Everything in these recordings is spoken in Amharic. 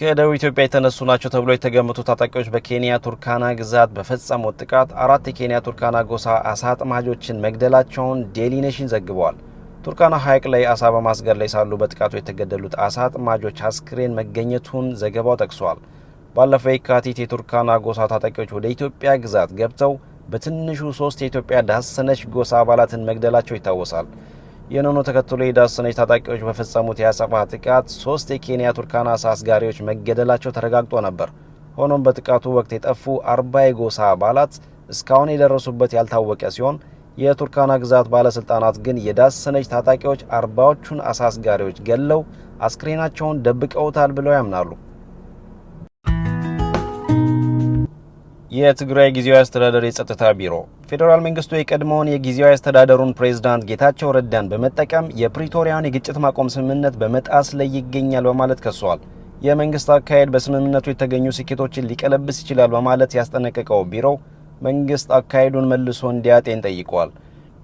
ከደቡብ ኢትዮጵያ የተነሱ ናቸው ተብሎ የተገመቱ ታጣቂዎች በኬንያ ቱርካና ግዛት በፈጸሙት ጥቃት አራት የኬንያ ቱርካና ጎሳ አሳ አጥማጆችን መግደላቸውን ዴሊ ኔሽን ዘግበዋል። ቱርካና ሐይቅ ላይ አሳ በማስገር ላይ ሳሉ በጥቃቱ የተገደሉት አሳ አጥማጆች አስክሬን መገኘቱን ዘገባው ጠቅሷል። ባለፈው የካቲት የቱርካና ጎሳ ታጣቂዎች ወደ ኢትዮጵያ ግዛት ገብተው በትንሹ ሶስት የኢትዮጵያ ዳሰነች ጎሳ አባላትን መግደላቸው ይታወሳል። ይህንኑ ተከትሎ የዳሰነች ታጣቂዎች በፈጸሙት የአጸፋ ጥቃት ሶስት የኬንያ ቱርካና አሳስጋሪዎች መገደላቸው ተረጋግጦ ነበር። ሆኖም በጥቃቱ ወቅት የጠፉ አርባ የጎሳ አባላት እስካሁን የደረሱበት ያልታወቀ ሲሆን የቱርካና ግዛት ባለስልጣናት ግን የዳሰነች ታጣቂዎች አርባዎቹን አሳስጋሪዎች ገለው አስክሬናቸውን ደብቀውታል ብለው ያምናሉ። የትግራይ ጊዜያዊ አስተዳደር የጸጥታ ቢሮ ፌዴራል መንግስቱ የቀድሞውን የጊዜያዊ አስተዳደሩን ፕሬዝዳንት ጌታቸው ረዳን በመጠቀም የፕሪቶሪያን የግጭት ማቆም ስምምነት በመጣስ ላይ ይገኛል በማለት ከሷል። የመንግስት አካሄድ በስምምነቱ የተገኙ ስኬቶችን ሊቀለብስ ይችላል በማለት ያስጠነቀቀው ቢሮው መንግስት አካሄዱን መልሶ እንዲያጤን ጠይቋል።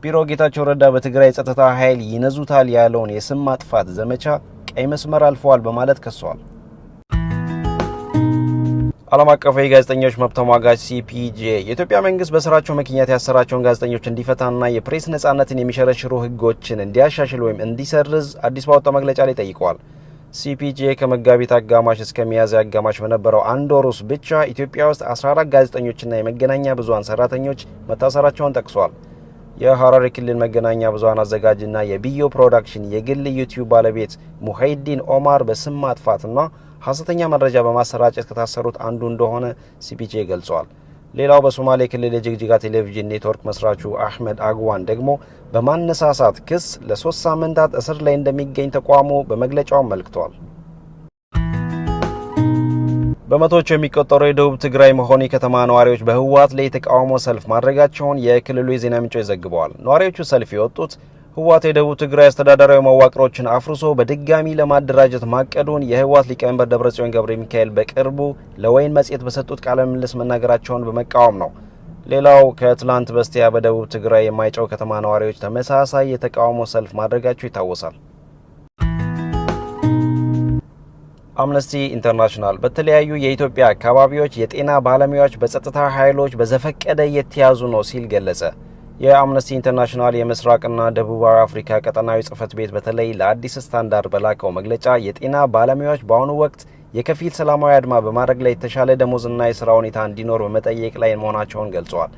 ቢሮ ጌታቸው ረዳ በትግራይ የጸጥታ ኃይል ይነዙታል ያለውን የስም ማጥፋት ዘመቻ ቀይ መስመር አልፈዋል በማለት ከሷል። ዓለም አቀፋዊ ጋዜጠኞች መብት ተሟጋች ሲፒጄ የኢትዮጵያ መንግስት በስራቸው ምክንያት ያሰራቸውን ጋዜጠኞች እንዲፈታና የፕሬስ ነጻነትን የሚሸረሽሩ ህጎችን እንዲያሻሽል ወይም እንዲሰርዝ አዲስ ባወጣው መግለጫ ላይ ጠይቋል። ሲፒጄ ከመጋቢት አጋማሽ እስከ ሚያዝያ አጋማሽ በነበረው አንድ ወር ውስጥ ብቻ ኢትዮጵያ ውስጥ 14 ጋዜጠኞችና የመገናኛ ብዙሀን ሰራተኞች መታሰራቸውን ጠቅሷል። የሀረሪ ክልል መገናኛ ብዙሀን አዘጋጅና የቢዮ ፕሮዳክሽን የግል ዩቲዩብ ባለቤት ሙሀይዲን ኦማር በስም ማጥፋትና ሐሰተኛ መረጃ በማሰራጨት ከታሰሩት አንዱ እንደሆነ ሲፒጄ ገልጿል። ሌላው በሶማሌ ክልል የጅግጅጋ ቴሌቪዥን ኔትወርክ መስራቹ አህመድ አግዋን ደግሞ በማነሳሳት ክስ ለሶስት ሳምንታት እስር ላይ እንደሚገኝ ተቋሙ በመግለጫው አመልክቷል። በመቶዎች የሚቆጠሩ የደቡብ ትግራይ መሆኒ ከተማ ነዋሪዎች በህወሓት ላይ የተቃውሞ ሰልፍ ማድረጋቸውን የክልሉ የዜና ምንጮች ዘግበዋል። ነዋሪዎቹ ሰልፍ የወጡት ህወሓት የደቡብ ትግራይ አስተዳደራዊ መዋቅሮችን አፍርሶ በድጋሚ ለማደራጀት ማቀዱን የህወሓት ሊቀመንበር ደብረጽዮን ገብረ ሚካኤል በቅርቡ ለወይን መጽሔት በሰጡት ቃለ ምልልስ መናገራቸውን በመቃወም ነው። ሌላው ከትላንት በስቲያ በደቡብ ትግራይ የማይጨው ከተማ ነዋሪዎች ተመሳሳይ የተቃውሞ ሰልፍ ማድረጋቸው ይታወሳል። አምነስቲ ኢንተርናሽናል በተለያዩ የኢትዮጵያ አካባቢዎች የጤና ባለሙያዎች በጸጥታ ኃይሎች በዘፈቀደ እየተያዙ ነው ሲል ገለጸ። የአምነስቲ ኢንተርናሽናል የምስራቅና ደቡባዊ አፍሪካ ቀጠናዊ ጽህፈት ቤት በተለይ ለአዲስ ስታንዳርድ በላከው መግለጫ የጤና ባለሙያዎች በአሁኑ ወቅት የከፊል ሰላማዊ አድማ በማድረግ ላይ የተሻለ ደሞዝና የስራ ሁኔታ እንዲኖር በመጠየቅ ላይ መሆናቸውን ገልጸዋል።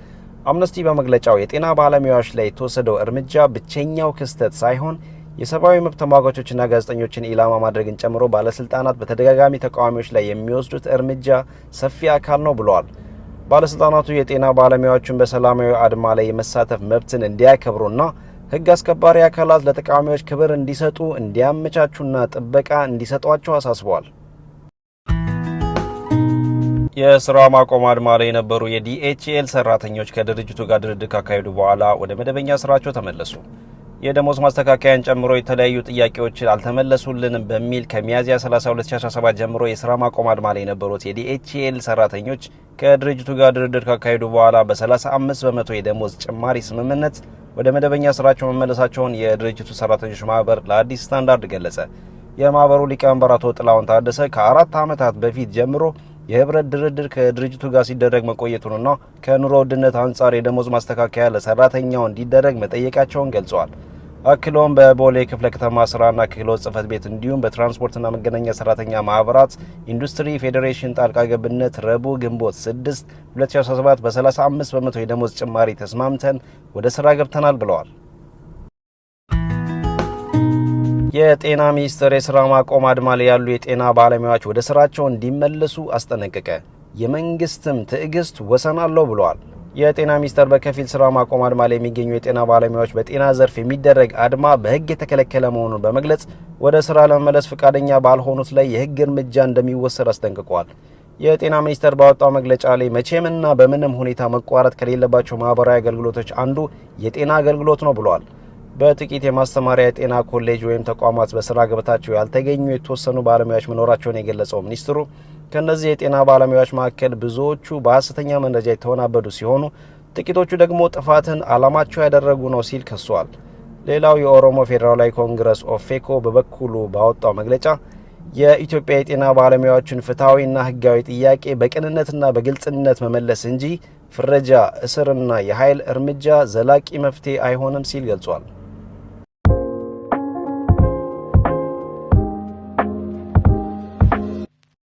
አምነስቲ በመግለጫው የጤና ባለሙያዎች ላይ የተወሰደው እርምጃ ብቸኛው ክስተት ሳይሆን የሰብአዊ መብት ተሟጋቾችና ጋዜጠኞችን ኢላማ ማድረግን ጨምሮ ባለስልጣናት በተደጋጋሚ ተቃዋሚዎች ላይ የሚወስዱት እርምጃ ሰፊ አካል ነው ብለዋል። ባለስልጣናቱ የጤና ባለሙያዎችን በሰላማዊ አድማ ላይ የመሳተፍ መብትን እንዲያከብሩና ሕግ አስከባሪ አካላት ለተቃዋሚዎች ክብር እንዲሰጡ እንዲያመቻቹና ጥበቃ እንዲሰጧቸው አሳስበዋል። የስራ ማቆም አድማ ላይ የነበሩ የዲኤችኤል ሰራተኞች ከድርጅቱ ጋር ድርድር ካካሄዱ በኋላ ወደ መደበኛ ስራቸው ተመለሱ። የደሞዝ ማስተካከያን ጨምሮ የተለያዩ ጥያቄዎች አልተመለሱልንም በሚል ከሚያዝያ 30 2017 ጀምሮ የስራ ማቆም አድማ ላይ የነበሩት የዲኤችኤል ሰራተኞች ከድርጅቱ ጋር ድርድር ካካሄዱ በኋላ በ35 በመቶ የደሞዝ ጭማሪ ስምምነት ወደ መደበኛ ስራቸው መመለሳቸውን የድርጅቱ ሰራተኞች ማህበር ለአዲስ ስታንዳርድ ገለጸ። የማህበሩ ሊቀመንበር አቶ ጥላውን ታደሰ ከአራት ዓመታት በፊት ጀምሮ የህብረት ድርድር ከድርጅቱ ጋር ሲደረግ መቆየቱንና ከኑሮ ውድነት አንጻር የደሞዝ ማስተካከያ ለሰራተኛው እንዲደረግ መጠየቃቸውን ገልጸዋል። አክሎም በቦሌ ክፍለ ከተማ ስራና ክህሎት ጽህፈት ቤት እንዲሁም በትራንስፖርትና መገናኛ ሰራተኛ ማህበራት ኢንዱስትሪ ፌዴሬሽን ጣልቃ ገብነት ረቡዕ ግንቦት 6 2017 በ35 በመቶ የደሞዝ ጭማሪ ተስማምተን ወደ ስራ ገብተናል ብለዋል። የጤና ሚኒስቴር የስራ ማቆም አድማ ላይ ያሉ የጤና ባለሙያዎች ወደ ስራቸው እንዲመለሱ አስጠነቀቀ። የመንግስትም ትዕግስት ወሰን አለው ብለዋል። የጤና ሚኒስቴር በከፊል ስራ ማቆም አድማ ላይ የሚገኙ የጤና ባለሙያዎች በጤና ዘርፍ የሚደረግ አድማ በህግ የተከለከለ መሆኑን በመግለጽ ወደ ስራ ለመመለስ ፈቃደኛ ባልሆኑት ላይ የህግ እርምጃ እንደሚወሰድ አስጠንቅቋል። የጤና ሚኒስቴር ባወጣው መግለጫ ላይ መቼምና በምንም ሁኔታ መቋረጥ ከሌለባቸው ማህበራዊ አገልግሎቶች አንዱ የጤና አገልግሎት ነው ብሏል። በጥቂት የማስተማሪያ የጤና ኮሌጅ ወይም ተቋማት በስራ ገበታቸው ያልተገኙ የተወሰኑ ባለሙያዎች መኖራቸውን የገለጸው ሚኒስትሩ ከእነዚህ የጤና ባለሙያዎች መካከል ብዙዎቹ በሐሰተኛ መረጃ የተወናበዱ ሲሆኑ ጥቂቶቹ ደግሞ ጥፋትን አላማቸው ያደረጉ ነው ሲል ከሷል። ሌላው የኦሮሞ ፌዴራላዊ ኮንግረስ ኦፌኮ በበኩሉ ባወጣው መግለጫ የኢትዮጵያ የጤና ባለሙያዎችን ፍትሐዊና ህጋዊ ጥያቄ በቅንነትና በግልጽነት መመለስ እንጂ ፍረጃ፣ እስርና የኃይል እርምጃ ዘላቂ መፍትሄ አይሆንም ሲል ገልጿል።